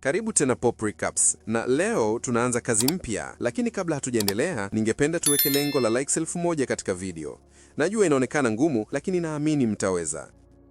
Karibu tena Pop Recaps, na leo tunaanza kazi mpya, lakini kabla hatujaendelea, ningependa tuweke lengo la likes elfu moja katika video. Najua inaonekana ngumu, lakini naamini mtaweza.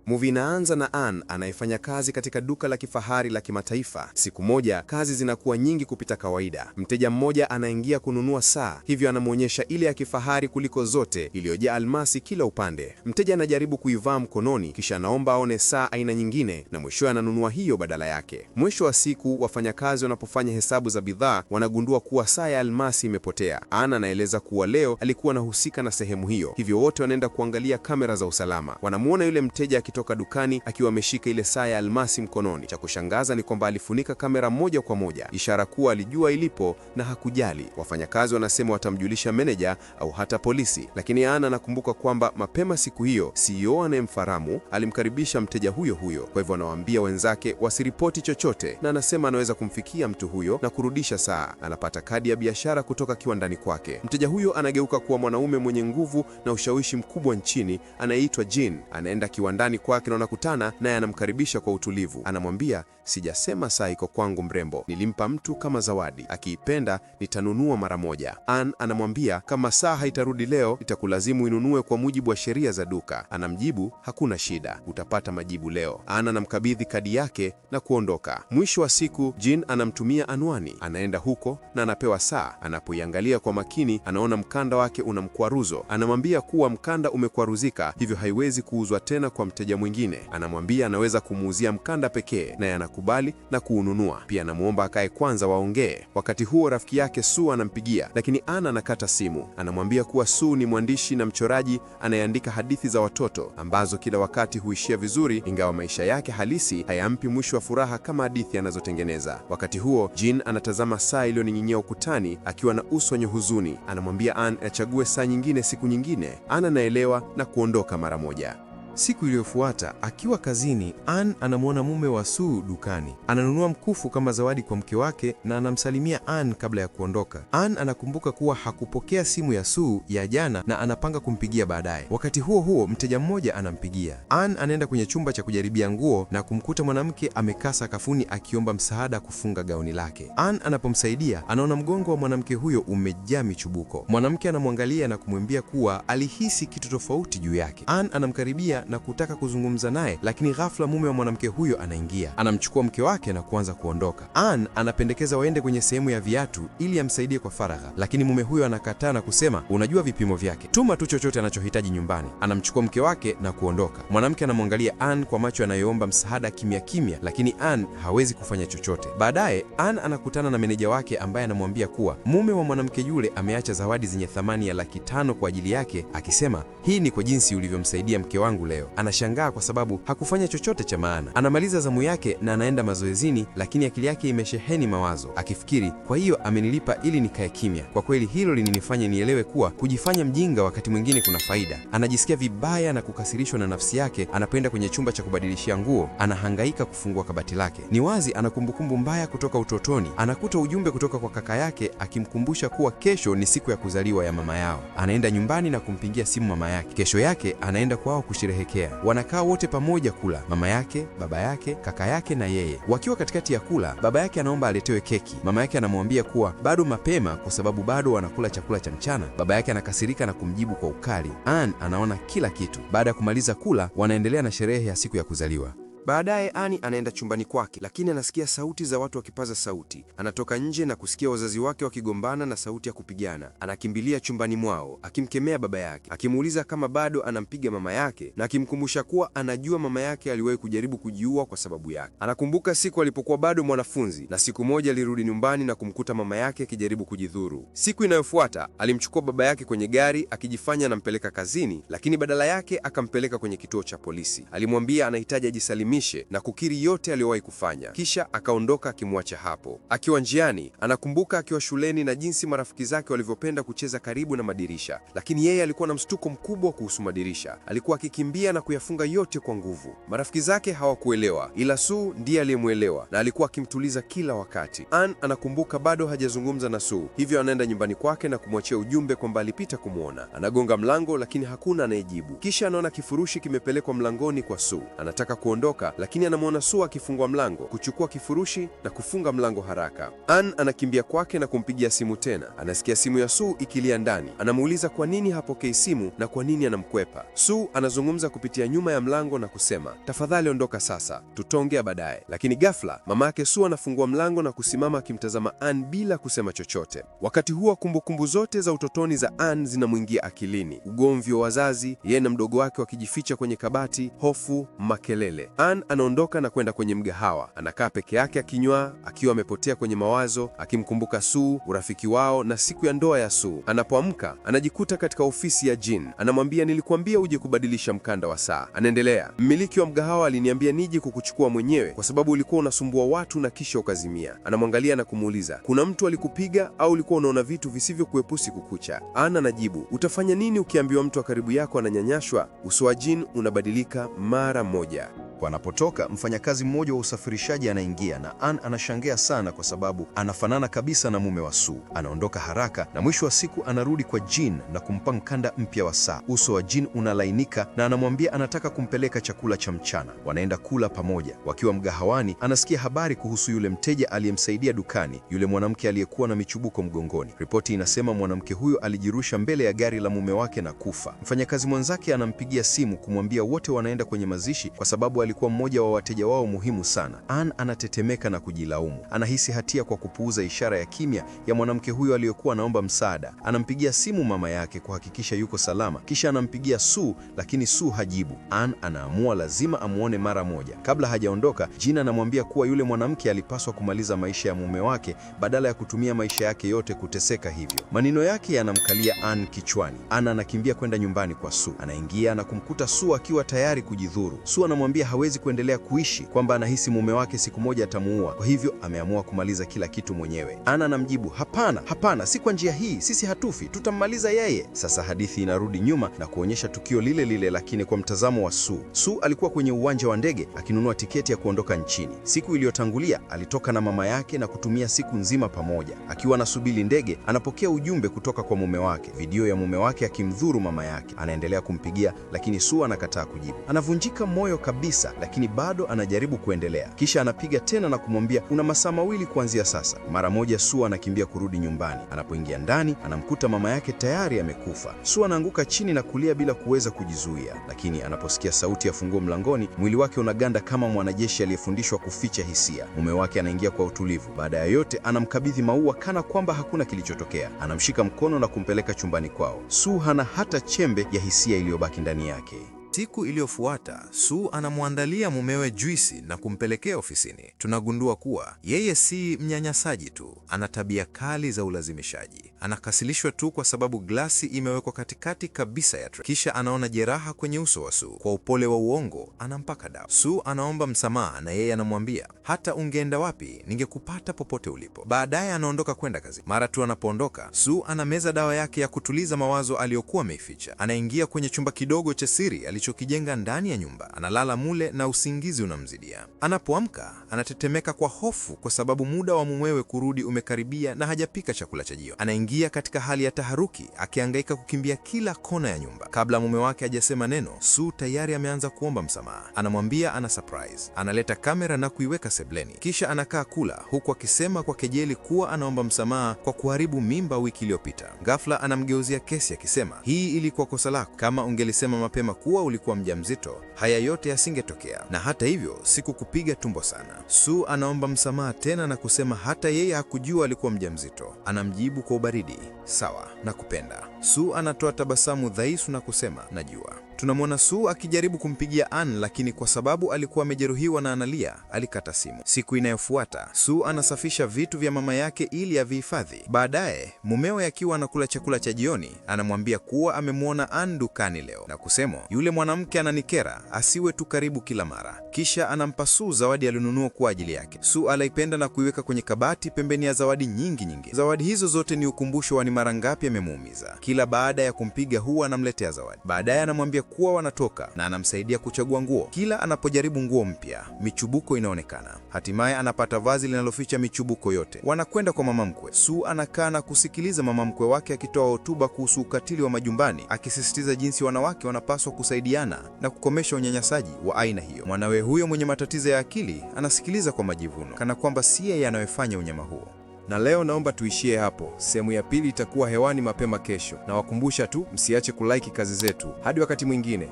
Movie inaanza na Ann anayefanya kazi katika duka la kifahari la kimataifa. Siku moja kazi zinakuwa nyingi kupita kawaida. Mteja mmoja anaingia kununua saa, hivyo anamwonyesha ile ya kifahari kuliko zote iliyojaa almasi kila upande. Mteja anajaribu kuivaa mkononi, kisha anaomba aone saa aina nyingine, na mwishowe ananunua hiyo badala yake. Mwisho wa siku, wafanyakazi wanapofanya hesabu za bidhaa, wanagundua kuwa saa ya almasi imepotea. Ann anaeleza kuwa leo alikuwa anahusika na sehemu hiyo, hivyo wote wanaenda kuangalia kamera za usalama. Wanamwona yule mteja kutoka dukani akiwa ameshika ile saa ya almasi mkononi. Cha kushangaza ni kwamba alifunika kamera moja kwa moja, ishara kuwa alijua ilipo na hakujali. Wafanyakazi wanasema watamjulisha meneja au hata polisi, lakini Ana anakumbuka kwamba mapema siku hiyo CEO anayemfaramu alimkaribisha mteja huyo huyo, kwa hivyo anawaambia wenzake wasiripoti chochote, na anasema anaweza kumfikia mtu huyo na kurudisha saa. Anapata kadi ya biashara kutoka kiwandani kwake. Mteja huyo anageuka kuwa mwanaume mwenye nguvu na ushawishi mkubwa nchini anayeitwa Jean. Anaenda kiwandani kwake na wanakutana naye, anamkaribisha kwa utulivu. Anamwambia, sijasema saa iko kwangu mrembo, nilimpa mtu kama zawadi, akiipenda nitanunua mara moja. Ann anamwambia, kama saa haitarudi leo, itakulazimu inunue kwa mujibu wa sheria za duka. Anamjibu, hakuna shida, utapata majibu leo. Ann anamkabidhi kadi yake na kuondoka. Mwisho wa siku, Jin anamtumia anwani, anaenda huko na anapewa saa. Anapoiangalia kwa makini, anaona mkanda wake una mkwaruzo. Anamwambia kuwa mkanda umekwaruzika, hivyo haiwezi kuuzwa tena kwa mteja mteja mwingine, anamwambia anaweza kumuuzia mkanda pekee, naye anakubali na kuununua. Pia anamwomba akae kwanza waongee. Wakati huo rafiki yake su anampigia, lakini Ana anakata simu. Anamwambia kuwa su ni mwandishi na mchoraji anayeandika hadithi za watoto ambazo kila wakati huishia vizuri, ingawa maisha yake halisi hayampi mwisho wa furaha kama hadithi anazotengeneza. Wakati huo jin anatazama saa iliyoning'inia ukutani akiwa na uso wenye huzuni. Anamwambia Ann achague saa nyingine siku nyingine. ann anaelewa na kuondoka mara moja. Siku iliyofuata akiwa kazini, Ann anamwona mume wa Sue dukani. Ananunua mkufu kama zawadi kwa mke wake na anamsalimia Ann kabla ya kuondoka. Ann anakumbuka kuwa hakupokea simu ya Sue ya jana na anapanga kumpigia baadaye. Wakati huo huo, mteja mmoja anampigia. Ann anaenda kwenye chumba cha kujaribia nguo na kumkuta mwanamke amekaa sakafuni akiomba msaada kufunga gauni lake. Ann anapomsaidia, anaona mgongo wa mwanamke huyo umejaa michubuko. Mwanamke anamwangalia na kumwambia kuwa alihisi kitu tofauti juu yake. Ann anamkaribia na kutaka kuzungumza naye, lakini ghafla mume wa mwanamke huyo anaingia, anamchukua mke wake na kuanza kuondoka. Ann anapendekeza waende kwenye sehemu ya viatu ili amsaidie kwa faragha, lakini mume huyo anakataa na kusema, unajua vipimo vyake, tuma tu chochote anachohitaji nyumbani. Anamchukua mke wake na kuondoka. Mwanamke anamwangalia Ann kwa macho yanayoomba msaada kimya kimya, lakini Ann hawezi kufanya chochote. Baadaye Ann anakutana na meneja wake ambaye anamwambia kuwa mume wa mwanamke yule ameacha zawadi zenye thamani ya laki tano kwa ajili yake, akisema, hii ni kwa jinsi ulivyomsaidia mke wangu leo leo. Anashangaa kwa sababu hakufanya chochote cha maana. Anamaliza zamu yake na anaenda mazoezini, lakini akili yake imesheheni mawazo, akifikiri kwa hiyo amenilipa ili nikae kimya. Kwa kweli hilo lininifanya nielewe kuwa kujifanya mjinga wakati mwingine kuna faida. Anajisikia vibaya na kukasirishwa na nafsi yake. Anapenda kwenye chumba cha kubadilishia nguo, anahangaika kufungua kabati lake. Ni wazi ana kumbukumbu mbaya kutoka utotoni. Anakuta ujumbe kutoka kwa kaka yake akimkumbusha kuwa kesho ni siku ya kuzaliwa ya mama yao. Anaenda nyumbani na kumpigia simu mama yake. Kesho yake anaenda kwao kusherehekea anapoelekea. Wanakaa wote pamoja kula, mama yake, baba yake, kaka yake na yeye. Wakiwa katikati ya kula, baba yake anaomba aletewe keki. Mama yake anamwambia kuwa bado mapema, kwa sababu bado wanakula chakula cha mchana. Baba yake anakasirika na kumjibu kwa ukali. Ann anaona kila kitu. Baada ya kumaliza kula, wanaendelea na sherehe ya siku ya kuzaliwa. Baadaye Ani anaenda chumbani kwake, lakini anasikia sauti za watu wakipaza sauti. Anatoka nje na kusikia wazazi wake wakigombana na sauti ya kupigana. Anakimbilia chumbani mwao akimkemea baba yake, akimuuliza kama bado anampiga mama yake na akimkumbusha kuwa anajua mama yake aliwahi kujaribu kujiua kwa sababu yake. Anakumbuka siku alipokuwa bado mwanafunzi na siku moja alirudi nyumbani na kumkuta mama yake akijaribu kujidhuru. Siku inayofuata alimchukua baba yake kwenye gari akijifanya anampeleka kazini, lakini badala yake akampeleka kwenye kituo cha polisi. Alimwambia anahitaji ajisalimie ajiaminishe na kukiri yote aliyowahi kufanya. Kisha akaondoka akimwacha hapo. Akiwa njiani, anakumbuka akiwa shuleni na jinsi marafiki zake walivyopenda kucheza karibu na madirisha, lakini yeye alikuwa na mshtuko mkubwa kuhusu madirisha. Alikuwa akikimbia na kuyafunga yote kwa nguvu. Marafiki zake hawakuelewa, ila Sue ndiye aliyemwelewa na alikuwa akimtuliza kila wakati. Ann anakumbuka bado hajazungumza na Sue, hivyo anaenda nyumbani kwake na kumwachia ujumbe kwamba alipita kumwona. Anagonga mlango, lakini hakuna anayejibu. Kisha anaona kifurushi kimepelekwa mlangoni kwa Sue. Anataka kuondoka kutoka, lakini anamwona Sue akifungua mlango, kuchukua kifurushi na kufunga mlango haraka. Ann anakimbia kwake na kumpigia simu tena. Anasikia simu ya Sue ikilia ndani. Anamuuliza kwa nini hapokei simu na kwa nini anamkwepa. Sue anazungumza kupitia nyuma ya mlango na kusema, tafadhali ondoka sasa, tutaongea baadaye. Lakini ghafla mama yake Sue anafungua mlango na kusimama akimtazama Ann bila kusema chochote. Wakati huo kumbukumbu zote za utotoni za Ann zinamwingia akilini: ugomvi wa wazazi, yeye na mdogo wake wakijificha kwenye kabati, hofu, makelele. Maan anaondoka na kwenda kwenye mgahawa. Anakaa peke yake akinywa, akiwa amepotea kwenye mawazo, akimkumbuka Suu, urafiki wao na siku ya ndoa ya su Anapoamka anajikuta katika ofisi ya Jin. Anamwambia, nilikuambia uje kubadilisha mkanda wa saa. Anaendelea, mmiliki wa mgahawa aliniambia nije kukuchukua mwenyewe kwa sababu ulikuwa unasumbua watu na kisha ukazimia. Anamwangalia na kumuuliza, kuna mtu alikupiga au ulikuwa unaona vitu visivyokuepusi kukucha? Ana anajibu, utafanya nini ukiambiwa mtu wa karibu yako ananyanyashwa? Uso wa Jin unabadilika mara moja. Wanapotoka, mfanyakazi mmoja wa usafirishaji anaingia na an anashangaa sana kwa sababu anafanana kabisa na mume wa Sue. Anaondoka haraka na mwisho wa siku anarudi kwa Jean na kumpa mkanda mpya wa saa. Uso wa Jean unalainika na anamwambia anataka kumpeleka chakula cha mchana. Wanaenda kula pamoja. Wakiwa mgahawani, anasikia habari kuhusu yule mteja aliyemsaidia dukani, yule mwanamke aliyekuwa na michubuko mgongoni. Ripoti inasema mwanamke huyo alijirusha mbele ya gari la mume wake na kufa. Mfanyakazi mwenzake anampigia simu kumwambia wote wanaenda kwenye mazishi kwa sababu alikuwa mmoja wa wateja wao muhimu sana. Ann anatetemeka na kujilaumu, anahisi hatia kwa kupuuza ishara ya kimya ya mwanamke huyo aliyekuwa anaomba msaada. Anampigia simu mama yake kuhakikisha yuko salama, kisha anampigia Sue, lakini Sue hajibu. Ann anaamua lazima amuone mara moja. Kabla hajaondoka, Jina anamwambia kuwa yule mwanamke alipaswa kumaliza maisha ya mume wake badala ya kutumia maisha yake yote kuteseka hivyo. Maneno yake yanamkalia Ann kichwani. Ann anakimbia kwenda nyumbani kwa Sue, anaingia na kumkuta Sue akiwa tayari kujidhuru. Sue anamwambia hawezi kuendelea kuishi, kwamba anahisi mume wake siku moja atamuua. Kwa hivyo ameamua kumaliza kila kitu mwenyewe. Ana anamjibu hapana, hapana, si kwa njia hii, sisi hatufi, tutammaliza yeye. Sasa hadithi inarudi nyuma na kuonyesha tukio lile lile, lakini kwa mtazamo wa su su alikuwa kwenye uwanja wa ndege akinunua tiketi ya kuondoka nchini. Siku iliyotangulia alitoka na mama yake na kutumia siku nzima pamoja. Akiwa anasubiri ndege, anapokea ujumbe kutoka kwa mume wake, video ya mume wake akimdhuru mama yake. Anaendelea kumpigia, lakini su anakataa kujibu. Anavunjika moyo kabisa kabisa, lakini bado anajaribu kuendelea. Kisha anapiga tena na kumwambia una masaa mawili kuanzia sasa. Mara moja Sua anakimbia kurudi nyumbani. Anapoingia ndani, anamkuta mama yake tayari amekufa. Sua anaanguka chini na kulia bila kuweza kujizuia, lakini anaposikia sauti ya funguo mlangoni, mwili wake unaganda kama mwanajeshi aliyefundishwa kuficha hisia. Mume wake anaingia kwa utulivu. Baada ya yote, anamkabidhi maua kana kwamba hakuna kilichotokea. Anamshika mkono na kumpeleka chumbani kwao. Su hana hata chembe ya hisia iliyobaki ndani yake. Siku iliyofuata Su anamwandalia mumewe juisi na kumpelekea ofisini. Tunagundua kuwa yeye si mnyanyasaji tu, ana tabia kali za ulazimishaji. Anakasilishwa tu kwa sababu glasi imewekwa katikati kabisa ya tray. Kisha anaona jeraha kwenye uso wa Su. Kwa upole wa uongo, anampaka dawa. Su anaomba msamaha na yeye anamwambia, hata ungeenda wapi, ningekupata popote ulipo. Baadaye anaondoka kwenda kazi. Mara tu anapoondoka, Su anameza dawa yake ya kutuliza mawazo aliyokuwa ameificha. Anaingia kwenye chumba kidogo cha siri alicho alichokijenga ndani ya nyumba, analala mule na usingizi unamzidia. Anapoamka anatetemeka kwa hofu, kwa sababu muda wa mumewe kurudi umekaribia na hajapika chakula cha jio. Anaingia katika hali ya taharuki, akiangaika kukimbia kila kona ya nyumba. Kabla mume wake hajasema neno, Su tayari ameanza kuomba msamaha. Anamwambia ana surprise. Analeta kamera na kuiweka sebleni, kisha anakaa kula, huku akisema kwa kejeli kuwa anaomba msamaha kwa kuharibu mimba wiki iliyopita. Ghafla anamgeuzia kesi akisema, hii ilikuwa kosa lako, kama ungelisema mapema kuwa ulikuwa mjamzito, haya yote yasingetokea. Na hata hivyo sikukupiga tumbo sana. Sue anaomba msamaha tena na kusema hata yeye hakujua alikuwa mjamzito. Anamjibu kwa ubaridi, sawa, nakupenda. Sue anatoa tabasamu dhaifu na kusema najua. Tunamwona Sue akijaribu kumpigia Ann, lakini kwa sababu alikuwa amejeruhiwa na analia, alikata simu. Siku inayofuata Sue anasafisha vitu vya mama yake ili avihifadhi. Baadaye mumewe akiwa anakula chakula cha jioni, anamwambia kuwa amemwona Ann dukani leo na kusema yule mwanamke ananikera, asiwe tu karibu kila mara. Kisha anampa Sue zawadi alionunua kwa ajili yake. Sue alaipenda na kuiweka kwenye kabati pembeni ya zawadi nyingi nyingi. Zawadi hizo zote ni ukumbusho wa ni mara ngapi amemuumiza. Kila baada ya kumpiga huwa anamletea zawadi. Baadaye anamwambia kuwa wanatoka na anamsaidia kuchagua nguo. Kila anapojaribu nguo mpya, michubuko inaonekana. Hatimaye anapata vazi linaloficha michubuko yote. Wanakwenda kwa mama mkwe. Su anakaa na kusikiliza mama mkwe wake akitoa hotuba kuhusu ukatili wa majumbani, akisisitiza jinsi wanawake wanapaswa kusaidiana na kukomesha unyanyasaji wa aina hiyo. Mwanawe huyo mwenye matatizo ya akili anasikiliza kwa majivuno, kana kwamba si yeye anayefanya unyama huo na leo naomba tuishie hapo. Sehemu ya pili itakuwa hewani mapema kesho, na wakumbusha tu msiache kulike kazi zetu. Hadi wakati mwingine,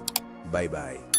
bye bye.